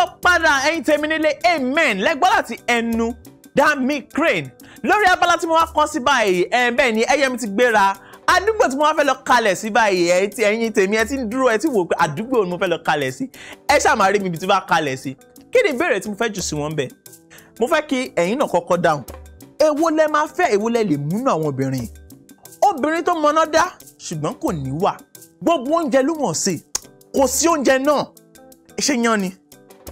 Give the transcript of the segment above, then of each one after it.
káàbọ̀ padà ẹ̀yin tèmi nílé amen lẹ́gbọ́n láti ẹnu Dami Crane lórí abala tí mo wá kọ́ sí báyìí ẹ̀ bẹ́ẹ̀ ni ẹyẹ mi ti gbéra àdúgbò tí mo wá fẹ́ lọ kalẹ̀ sí báyìí ẹ̀ ti ẹ̀yin tèmi ẹ ti ń dúró ẹ ti wò pé àdúgbò ni mo fẹ́ lọ kalẹ̀ sí ẹ ṣáà máa rí mi ibi tí mo bá kalẹ̀ sí kí ni ìbéèrè tí mo fẹ́ jù sí wọn bẹ́ẹ̀ mo fẹ́ kí ẹ̀yin náà kọ́kọ́ dáhùn èwo lẹ máa fẹ́ èwo lẹ lè múnú àwọn obìnrin obìnrin tó mọná dá ṣùgbọ́n kò níwà gbogbo oúnjẹ ló mọ̀ sí kò sí oúnjẹ náà ṣe yan ni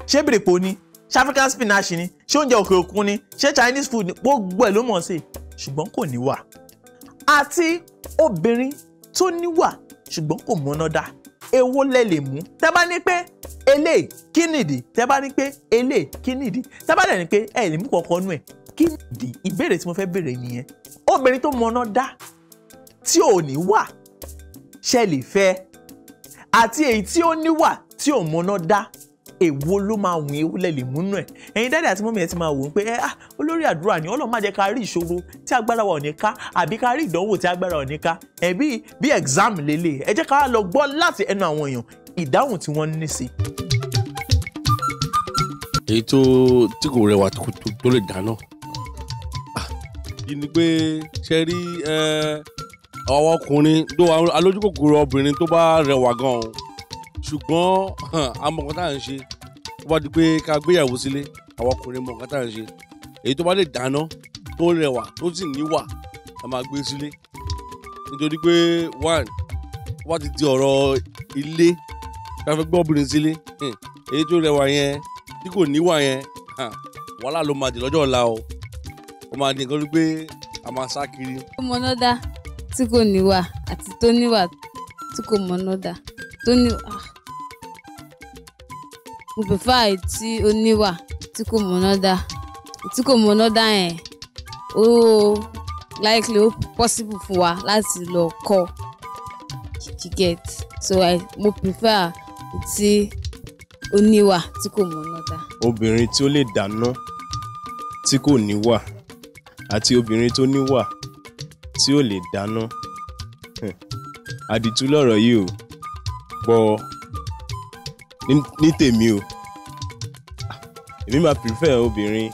ṣé bìrìpò ni ṣé African spinach ni ṣé oúnjẹ òkè òkun ni ṣé Chinese food ni gbogbo ẹ̀ ló mọ̀ sí ṣùgbọ́n kò níwà àti obìnrin tó níwà ṣùgbọ́n kò mọ́ná dá èwo lẹ lè mú tẹ́ bá ní pé eléyìí kí nìdí tẹ́ bá ní pé eléyìí kí nìdí tẹ́ bá dẹ̀ ní pé ẹ lè mú kankan nú ẹ̀ kí nìdí ìbéèrè tí mo fẹ́ béèrè nìyẹn obìnrin tó mọ́ná dá tí ò ní wà ṣe fẹ́ àti èyí tí ó níwà tí ò mọ́ná dá èwo ló máa wùn ewu lẹ́lẹ̀ múnú ẹ̀ ẹ̀yin dáadáa àti mọ́mí ẹ̀ ti máa wò ó pé ah olórí àdúrà ni ọlọ́run má jẹ́ ká rí ìṣòro tí agbára wa ò ní ká àbí ká rí ìdánwò tí agbára ò ní ká ẹ̀ bí exam lélẹ̀ ẹ jẹ́ ká lọ gbọ́ láti ẹnu àwọn èèyàn ìdáhùn tí wọ́n ní sí. èyí tó tí kò rẹwà tó lè dáná ah, yìí ni pé ṣe rí ọwọ́ ọkùnrin alójúkòkòrò obìnrin tó bá rẹwà gan-an ṣùgbọ́n àmọ́ nǹkan tá à ń ṣe wá di pé ká gbéyàwó sílé àwọn ọkùnrin mọ̀ tá à ń ṣe èyí tó bá lè dáná tó rẹwà tó sì níwà a máa gbé sílé nítorí pé one wá ti di ọ̀rọ̀ ilé ká fẹ́ gbọ́ obìnrin sílé èyí tó rẹwà yẹn tí kò níwà yẹn wàhálà ló máa di lọ́jọ́ ọ̀la o ó máa di nǹkan pé a máa sá kiri. ó mọ̀nà dá tí kò níwà àti tó níwà tí kò mọ̀nà dá tó níwà. Ah mo prefer èyí tí ó níwà tí kò mọ̀nà dá tí kò mọ̀nà dá yẹn ó likely ó possible fún wa láti lọ kọ́ you get so I mo prefer ti oníwà tí kò mọ̀nà dá. obìnrin tí ó lè dáná tí kò níwà àti obìnrin tó níwà tí ò lè dáná àdìtú lọ̀rọ̀ yìí o gbọ́ ọ ní tèmi o èmi máa prefer obìnrin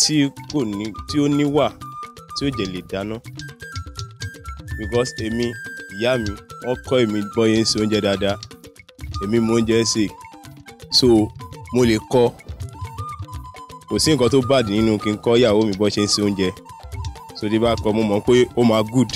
tí kò ní tí ó níwà tí ó jẹ́ lè dáná because èmi ìyá mi wọ́n kọ́ èmi bọ́yé ń ṣe oúnjẹ dáadáa èmi mo oúnjẹ ṣe so mo lè kọ́ kò sí nǹkan tó bàdí nínú kí n kọ́ ìyàwó mi bọ́ ṣe ń ṣe oúnjẹ so tí bá kọ́ mo mọ̀ pé ó máa good